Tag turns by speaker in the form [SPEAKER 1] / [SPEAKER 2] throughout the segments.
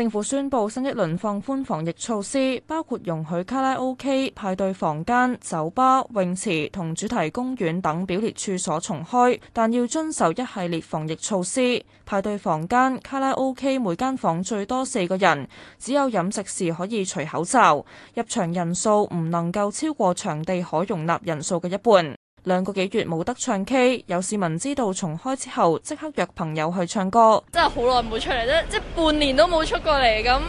[SPEAKER 1] 政府宣布新一輪放寬防疫措施，包括容許卡拉 OK、派對房間、酒吧、泳池同主題公園等表列處所重開，但要遵守一系列防疫措施。派對房間、卡拉 OK 每間房最多四個人，只有飲食時可以除口罩。入場人數唔能夠超過場地可容納人數嘅一半。兩個幾月冇得唱 K，有市民知道重開之後，即刻約朋友去唱歌。真係好耐冇出嚟啫，即半年都冇出過嚟咁。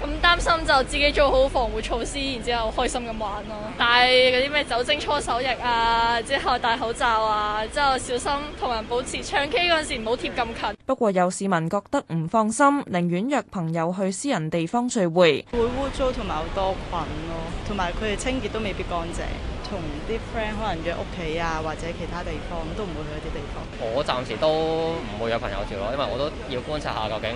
[SPEAKER 1] 咁擔心就自己做好防護措施，然之後開心咁玩咯。戴嗰啲咩酒精搓手液啊，之後戴口罩啊，之後小心同人保持唱 K 嗰陣時唔好貼咁近。不過有市民覺得唔放心，寧願約朋友去私人地方聚會。會污糟同埋好多菌咯、啊，同埋佢哋清潔都未必乾淨。同啲 friend 可能約屋企啊，或者其他地方都唔會去一啲地方。我暫時都唔會有朋友住咯，因為我都要觀察下究竟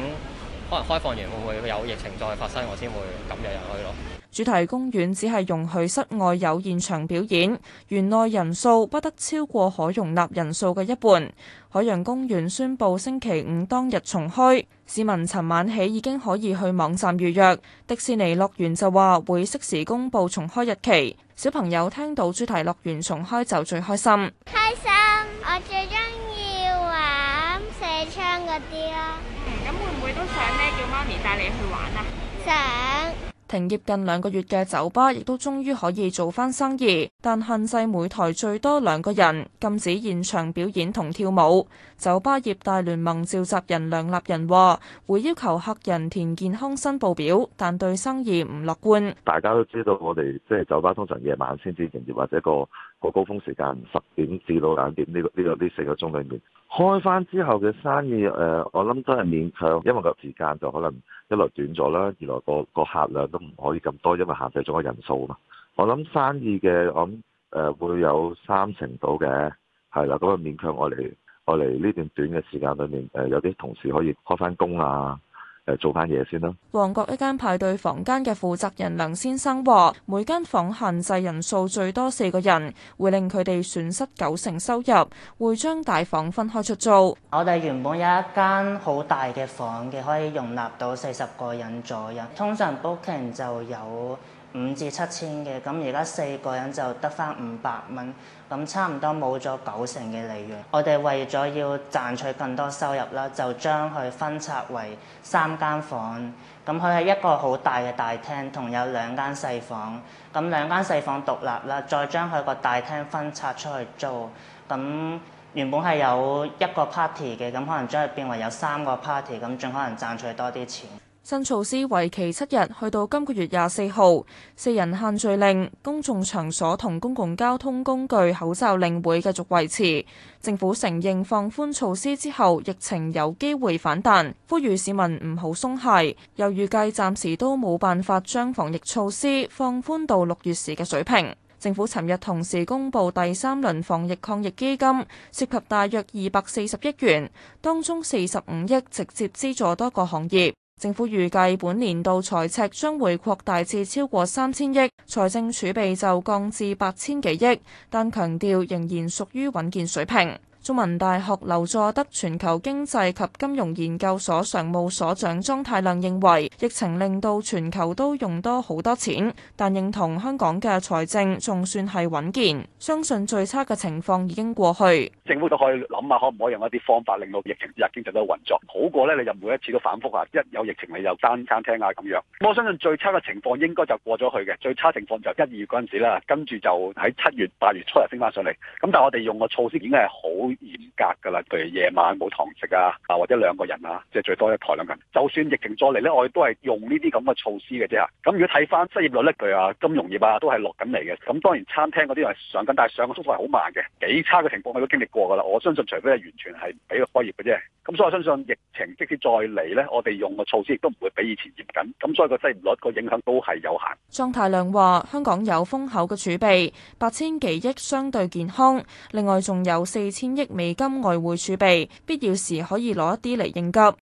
[SPEAKER 1] 可能開放完會唔會有疫情再發生，我先會咁樣入去咯。主題公園只係容許室外有現場表演，園內人數不得超過可容納人數嘅一半。海洋公園宣布星期五當日重開，市民尋晚起已經可以去網站預約。迪士尼樂園就話會適時公布重開日期。小朋友聽到主題樂園重開就最開心。開心！我最鍾意玩射槍嗰啲。噉會唔會都想呢？叫媽咪帶你去玩呀？想。停業近兩個月嘅酒吧亦都終於可以做翻生意，但限制每台最多兩個人，禁止現場表演同跳舞。酒吧業大聯盟召集人梁立仁話，會要求客人填健康申報表，但對生意唔樂觀。
[SPEAKER 2] 大家都知道我，我哋即係酒吧通常夜晚先至營業，或者個個高峰時間十點至到兩點呢、呢個呢、呢個呢、呢個、四個鐘裏面。開翻之後嘅生意，誒、呃，我諗都係勉強，因為個時間就可能一來短咗啦，二來個個客量都唔可以咁多，因為限制咗個人數啊嘛。我諗生意嘅，我諗誒、呃、會有三成到嘅，係啦，咁啊勉強我嚟我嚟呢段短嘅時間裏面，誒、呃、有啲同事可以開翻工啊。誒，做翻嘢先囉。
[SPEAKER 1] 旺角一間派對房間嘅負責人梁先生話：每間房限制人數最多四個人，會令佢哋損失九成收入，會將大房分開出租。我哋原本有一間好大嘅房嘅，可以容納到四十個人左右，通常 booking 就有，五至七千嘅，咁而家四個人就得返五百蚊，咁差唔多冇咗九成嘅利潤。我哋為咗要賺取更多收入啦，就將佢分拆為三間房。咁佢係一個好大嘅大廳，同有兩間細房。咁兩間細房獨立啦，再將佢個大廳分拆出去租。咁原本係有一個 party 嘅，咁可能將佢變為有三個 party，咁仲可能賺取多啲錢。新措施為期七日，去到今個月廿四號。四人限聚令、公眾場所同公共交通工具口罩令會繼續維持。政府承認放寬措施之後，疫情有機會反彈，呼籲市民唔好鬆懈。又預計暫時都冇辦法將防疫措施放寬到六月時嘅水平。政府尋日同時公布第三輪防疫抗疫基金，涉及大約二百四十億元，當中四十五億直接資助多個行業。政府預計本年度財赤將會擴大至超過三千億，財政儲備就降至八千幾億，但強調仍然屬於穩健水平。中文大學劉佐德全球經濟及金融研究所常務所長莊太亮認為，疫情令到全球都用多好多錢，但認同香港嘅財政仲算係穩健，相信最差嘅情況已經過去。
[SPEAKER 2] 政府都可以諗下，可唔可以用一啲方法令到疫情之下經濟都運作好過呢？你又每一次都反覆啊！一有疫情你又關餐廳啊咁樣。我相信最差嘅情況應該就過咗去嘅，最差情況就一、二月嗰陣時啦，跟住就喺七月、八月初又升翻上嚟。咁但係我哋用嘅措施，已經係好，嚴格噶啦，譬如夜晚冇堂食啊，啊或者兩個人啊，即係最多一台兩個人。就算疫情再嚟咧，我哋都係用呢啲咁嘅措施嘅啫。咁如果睇翻失業率咧，佢啊金融業啊都係落緊嚟嘅。咁當然餐廳嗰啲人係上緊，但係上嘅速度係好慢嘅。幾差嘅情況我都經歷過噶啦。我相信除非係完全係唔俾佢開業嘅啫。咁所以我相信疫情即使再嚟呢，我哋用嘅措施亦都唔會比以前嚴謹，咁所以個失業率個影響都係有限。
[SPEAKER 1] 莊太量話香港有豐厚嘅儲備八千幾億，相對健康。另外仲有四千億美金外匯儲備，必要時可以攞一啲嚟應急。